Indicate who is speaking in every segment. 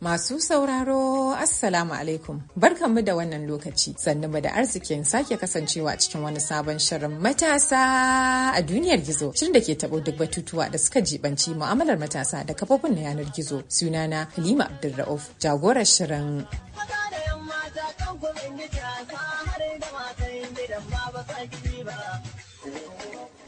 Speaker 1: Masu sauraro, Assalamu alaikum. Barkanmu da wannan lokaci, sannu mu da arzikin sake kasancewa cikin wani sabon shirin matasa a duniyar gizo, shirin da ke taɓo duk batutuwa da suka jibanci mu'amalar matasa da kafofin na yanar gizo. Sunana Halima Abdulra'uf, jagorar shirin. abasagiriba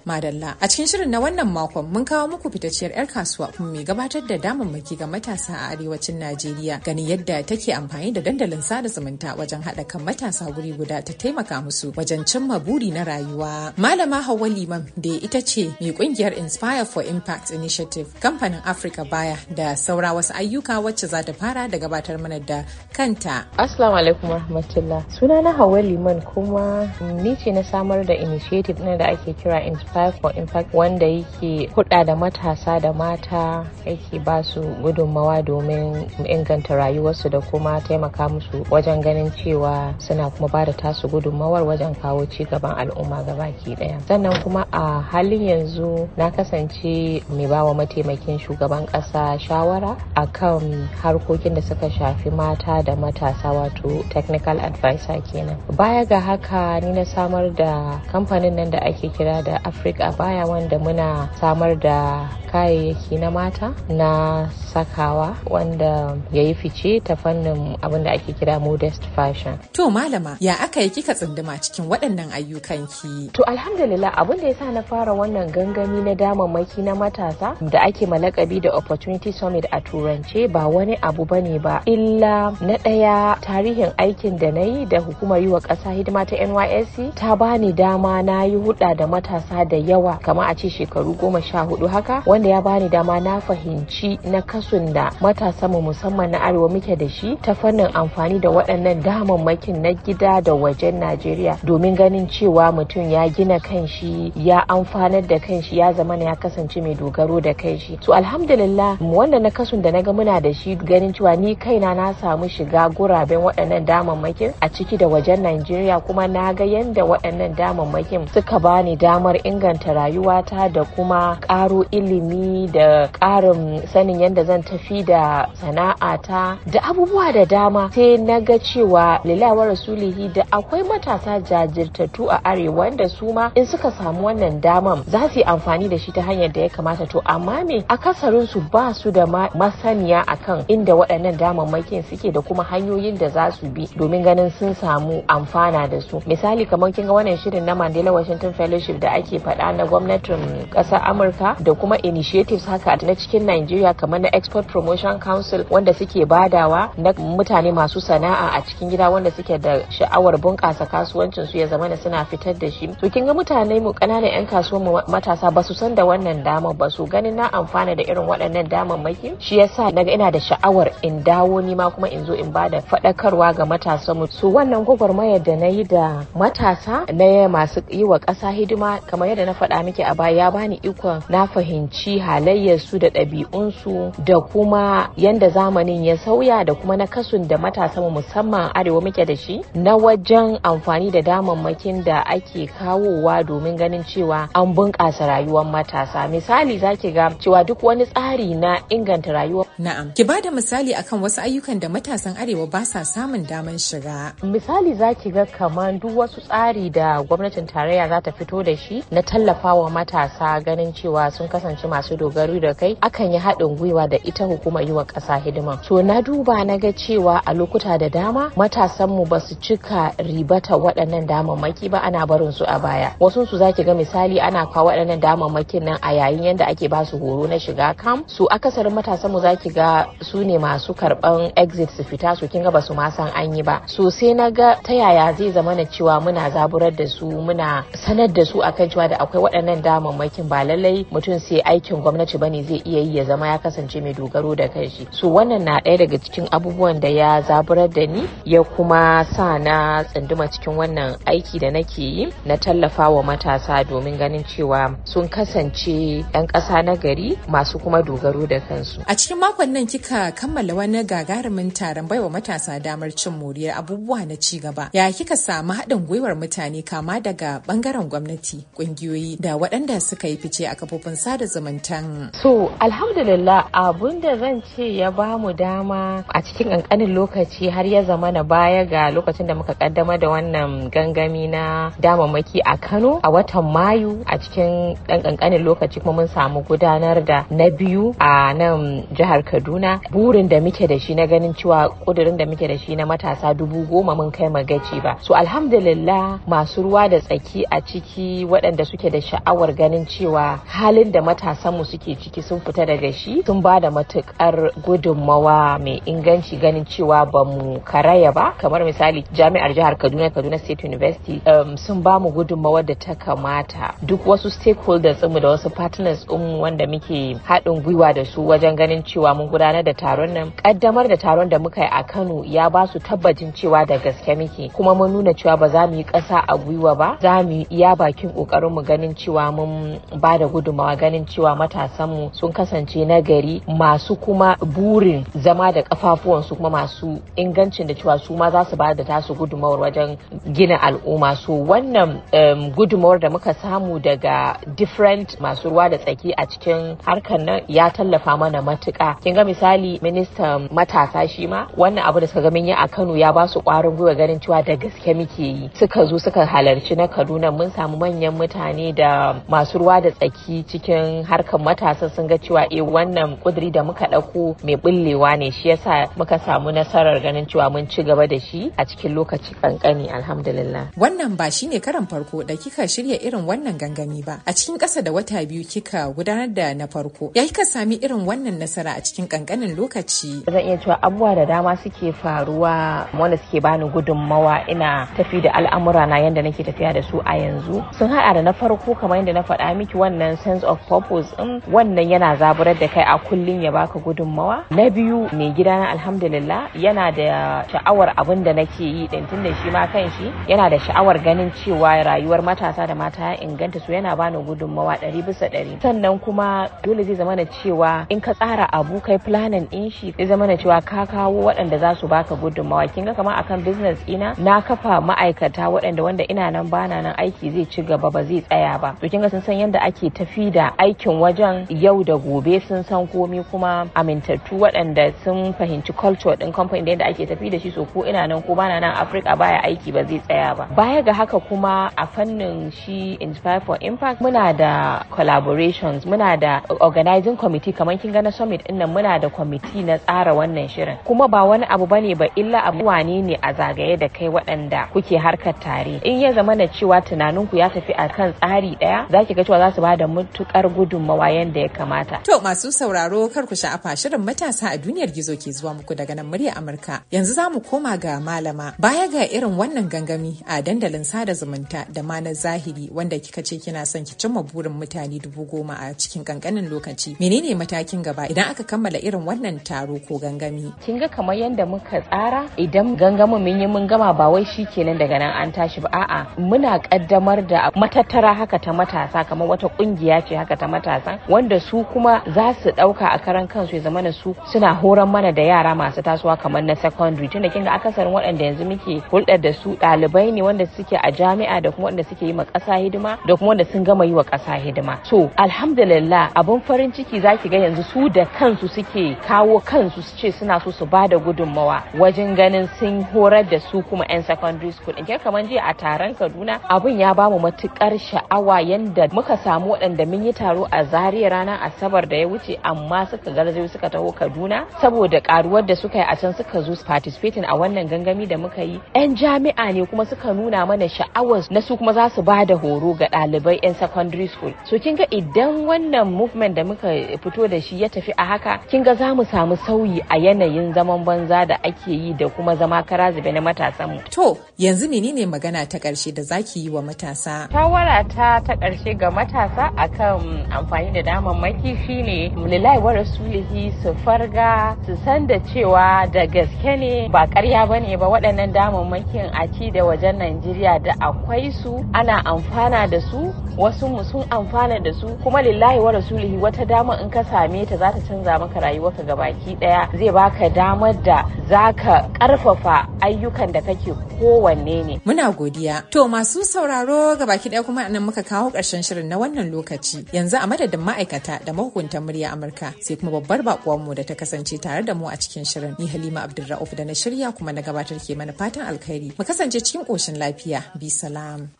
Speaker 1: Madalla a cikin shirin na wannan makon mun kawo muku fitacciyar 'yar kasuwa kuma mai gabatar da damammaki ga matasa a arewacin Najeriya gani yadda take amfani da dandalin sada zumunta wajen haɗa kan matasa guri guda ta taimaka musu wajen cimma buri na rayuwa. Malama Hauwa Liman da ita ce mai kungiyar Inspire for Impact Initiative kamfanin Africa Baya da saura wasu ayyuka wacce za ta fara da gabatar mana da kanta. Assalamu alaikum rahmatullah.
Speaker 2: Sunana Hauwa Liman kuma ni ce na samar da initiative na da ake kira Inspire cycle in fact wanda yake hudda da matasa da mata yake ba su gudunmawa domin inganta rayuwarsu da kuma taimaka musu wajen ganin cewa suna kuma ba da tasu gudunmawar wajen kawo ci gaban al'umma ki daya sannan kuma a halin yanzu na kasance mai bawa mataimakin shugaban kasa shawara akan harkokin da suka shafi mata da matasa wato technical advisor kenan baya ga haka ni na samar da kamfanin nan da ake kira da africa a baya wanda muna samar da kayayyaki na mata na sakawa wanda ya yi fice ta fannin
Speaker 1: abin ake kira modest fashion to malama ya aka yi kika tsunduma cikin waɗannan ayyukan ki
Speaker 2: to alhamdulillah abin da ya sa na fara wannan gangami na damammaki na matasa da ake malakabi da opportunity summit a turance ba wani abu bane ba illa na ɗaya tarihin aikin da na yi da hukumar yi wa ƙasa hidima ta nysc ta bani dama na yi huɗa da matasa da da yawa kamar a ce shekaru goma sha hudu haka wanda ya bani dama na fahimci na kasun da matasa mu musamman na arewa muke da shi ta fannin amfani da waɗannan damammakin na gida da wajen najeriya domin ganin cewa mutum ya gina kanshi ya amfanar da kanshi ya zama ya kasance mai dogaro da kanshi to alhamdulillah wanda na kasun da na ga muna da shi ganin cewa ni kaina na samu shiga guraben waɗannan damammakin a ciki da wajen najeriya kuma na ga yadda waɗannan damammakin suka bani damar in inganta rayuwata da kuma ƙaro ilimi da ƙarin sanin yadda zan tafi da sana'ata da abubuwa da dama sai na ga cewa lilawa rasulihi da akwai matasa jajirtattu a arewa wanda su ma in suka samu wannan daman za su yi amfani da shi ta hanyar da ya kamata to amma me akasarin su ba su da masaniya akan inda waɗannan damammakin suke da kuma hanyoyin da za su bi domin ganin sun samu amfana da su misali kamar kin ga wannan shirin na Mandela Washington Fellowship da ake faɗa na gwamnatin ƙasar amurka da kuma initiatives haka na cikin nigeria kamar na export promotion council wanda suke badawa na mutane masu sana'a a cikin gida wanda suke da sha'awar bunƙasa kasuwancin su ya zama na suna fitar da shi to kin ga mutane mu ƙananan 'yan kasuwa mu matasa ba su san da wannan damar ba su ganin na amfana da irin waɗannan damammaki shi yasa naga ina da sha'awar in dawo ni ma kuma in zo in bada faɗakarwa ga matasa mu su wannan gwagwarmayar da na yi da matasa na masu yi wa ƙasa hidima kamar kamar na faɗa miki a baya ya bani ikon na fahimci halayyar su da ɗabi'unsu da kuma yanda zamanin ya sauya da kuma na kasun da matasa musamman arewa muke da shi na wajen amfani da damammakin da ake kawowa domin ganin cewa an bunƙasa rayuwar matasa misali zaki ga cewa
Speaker 1: duk wani tsari na inganta rayuwa na'am ki bada misali akan wasu ayyukan da matasan arewa ba sa samun daman shiga
Speaker 2: misali zaki ga kamar duk wasu tsari da gwamnatin tarayya za ta fito da shi na Tallafawa matasa ganin cewa sun kasance masu dogaro da kai akan yi haɗin gwiwa da ita hukumar yi wa ƙasa hidima to na duba na ga cewa a lokuta da dama matasanmu ba su cika ribata waɗannan damammaki ba ana barin su a baya wasu su zaki ga misali ana kawo waɗannan damammakin nan a yayin yadda ake ba su horo na shiga kam su akasarin matasanmu zaki ga su ne masu karɓan exit su fita su kinga ba su ma san an yi ba so sai na ga ta yaya zai zama na cewa muna zaburar da su muna sanar da su akan cewa da da akwai waɗannan damammakin ba lallai mutum sai aikin gwamnati bane zai iya yi ya zama ya kasance mai dogaro da kanshi so wannan na ɗaya daga cikin abubuwan da ya zaburar da ni ya kuma sa na tsunduma cikin wannan aiki da nake yi na tallafa wa matasa domin ganin cewa sun kasance 'yan ƙasa na gari masu kuma dogaro da kansu a
Speaker 1: cikin makon nan kika kammala wani gagarumin taron baiwa matasa damar cin moriyar abubuwa na ci gaba ya kika samu haɗin gwiwar mutane kama daga ɓangaren gwamnati ƙungiyoyi kungiyoyi da waɗanda suka yi fice a kafofin sada zumunta. So alhamdulillah abun da zan ce ya ba mu dama a cikin ƙanƙanin lokaci
Speaker 2: har ya zama na baya ga lokacin da muka kaddama da wannan gangami na damamaki a Kano a watan Mayu a cikin ɗan ƙanƙanin lokaci kuma mun samu gudanar da na biyu a nan jihar Kaduna burin da muke da shi na ganin cewa ƙudurin da muke da shi na matasa dubu goma mun kai magaci ba. So alhamdulillah masu ruwa da tsaki a ciki waɗanda su suke da sha'awar ganin cewa halin da matasanmu suke ciki sun fita daga shi sun ba da matukar gudunmawa mai inganci ganin cewa ba mu karaya ba kamar misali jami'ar jihar kaduna kaduna state university um, sun ba mu gudunmawar da ta kamata duk wasu stakeholders mu da wasu partners mu wanda muke haɗin gwiwa da su wajen ganin cewa mun gudanar da taron nan kaddamar da taron da muka yi a kano ya ba su tabbacin cewa da gaske muke kuma mun nuna cewa ba za mu yi ƙasa a gwiwa ba za mu yi iya bakin ƙoƙarinmu ganin cewa mun ba da gudumawa ganin cewa matasanmu sun kasance na gari masu kuma burin zama da kafafuwansu kuma masu ingancin da cewa su ma za su ba da tasu gudumawar wajen gina al'umma so wannan um, gudumawar da muka samu daga different masu ruwa da tsaki a cikin harkar nan ya tallafa mana matuka kin ga misali minista matasa shi ma wannan abu da suka ga yi a Kano ya ba su kwarin gwiwa ganin cewa da gaske muke yi suka zo suka halarci na Kaduna mun samu manyan mutane mutane da masu ruwa da tsaki cikin harkar matasa sun ga cewa eh wannan kudiri da muka ɗauko mai bullewa ne shi yasa muka samu nasarar ganin cewa mun ci gaba da shi a cikin lokaci kankani alhamdulillah.
Speaker 1: Wannan ba shine karan farko da kika shirya irin wannan gangami ba. A cikin ƙasa da wata biyu kika gudanar da na farko. Ya kika sami irin wannan nasara a cikin kankanin lokaci? Zan iya cewa abubuwa da dama suke
Speaker 2: faruwa wanda suke bani gudunmawa ina tafi da al'amura na yanda nake tafiya da su a yanzu. Sun haɗa da na farko kamar yadda na faɗa miki wannan sense of purpose din wannan yana zaburar da kai a kullum ya baka gudunmawa na biyu mai gida na alhamdulillah yana da sha'awar abin da nake yi din tunda shi ma kan shi yana da sha'awar ganin cewa rayuwar matasa da mata ya inganta su yana bani gudunmawa ɗari bisa ɗari sannan kuma dole zai zama cewa in ka tsara abu kai planin din shi zai zama cewa ka kawo waɗanda za su baka gudunmawa kin ga kamar akan business ina na kafa ma'aikata waɗanda wanda ina nan bana nan aiki zai ci gaba ba zai tsaya ba to kinga sun san yadda ake tafi da aikin wajen yau da gobe sun san komi kuma amintattu waɗanda sun fahimci culture din company da yadda ake tafi da shi so ko ina nan ko bana nan Africa baya aiki ba zai tsaya ba baya ga haka kuma a fannin shi Inspire for Impact muna da collaborations muna da organizing committee kamar kin na summit din nan muna da committee na tsara wannan shirin kuma ba wani abu bane ba illa abu ne ne a zagaye da kai waɗanda kuke harkar tare in ya zama na cewa tunaninku
Speaker 1: ya tafi a kan tsari ɗaya za ki ga cewa za su ba da matukar gudunmawa yadda ya kamata. To masu sauraro kar ku sha'afa shirin matasa a duniyar gizo ke zuwa muku daga nan murya Amurka. Yanzu za mu koma ga malama baya ga irin wannan gangami a dandalin sada zumunta da ma na zahiri wanda kika ce kina son ki cimma burin mutane dubu goma a cikin kankanin lokaci. Menene matakin gaba idan aka kammala irin wannan taro ko gangami? Kin ga kamar yadda muka tsara
Speaker 2: idan gangamin mun yi mun gama ba wai shi kenan daga nan an tashi ba a'a muna kaddamar da matattara kara haka ta matasa kamar wata kungiya ce haka ta matasa wanda su kuma za su dauka a karan kansu ya zama su suna horan mana da yara masu tasowa kamar na secondary tunda kinga akasarin waɗanda yanzu muke hulɗar da su ɗalibai ne wanda suke a jami'a da kuma wanda suke yi ma ƙasa hidima da kuma wanda sun gama yi wa ƙasa hidima so alhamdulillah abun farin ciki zaki ga yanzu su da kansu suke kawo kansu su ce suna so su ba da gudunmawa wajen ganin sun horar da su kuma 'yan secondary school in kamar jiya a taron kaduna abun ya bamu matukar sha sha'awa yadda muka samu waɗanda mun yi taro a zariya ranar asabar da ya wuce amma suka garzayo suka taho kaduna saboda karuwar da suka yi a can suka zo participating a wannan gangami da muka yi yan jami'a ne kuma suka nuna mana sha'awar na su kuma za su ba da horo ga ɗalibai yan secondary school so kin ga idan wannan movement da muka fito da shi ya tafi a haka kin ga za mu samu sauyi a yanayin zaman banza da ake yi da kuma
Speaker 1: zama kara zube na matasanmu. To yanzu menene magana ta ƙarshe da zaki yi wa matasa?
Speaker 2: Shawara ta ta ƙarshe ga matasa akan amfani da daman maki shine lillahi wa rasulihi su farga su san da cewa da gaske ne ba ƙarya bane ne ba waɗannan damammakin a ci da wajen Najeriya da akwai su ana amfana da su wasu mu sun amfana da su kuma lillahi wa rasulihi wata dama in ka same ta za ta canza maka rayuwarka gabaki ɗaya zai baka damar da za ka ƙarfafa
Speaker 1: ayyukan da kake kowanne ne. Muna godiya. To masu sauraro ga baki ɗaya kuma nan muka kawo ƙarshen shirin na wannan lokaci. Yanzu a madadin ma'aikata da mahukuntan murya Amurka sai kuma babbar mu da ta kasance tare da mu a cikin shirin. Ni Halima Abdulra'uf da na shirya kuma na gabatar ke mana fatan alkhairi. Mu kasance cikin ƙoshin lafiya. Bi salam.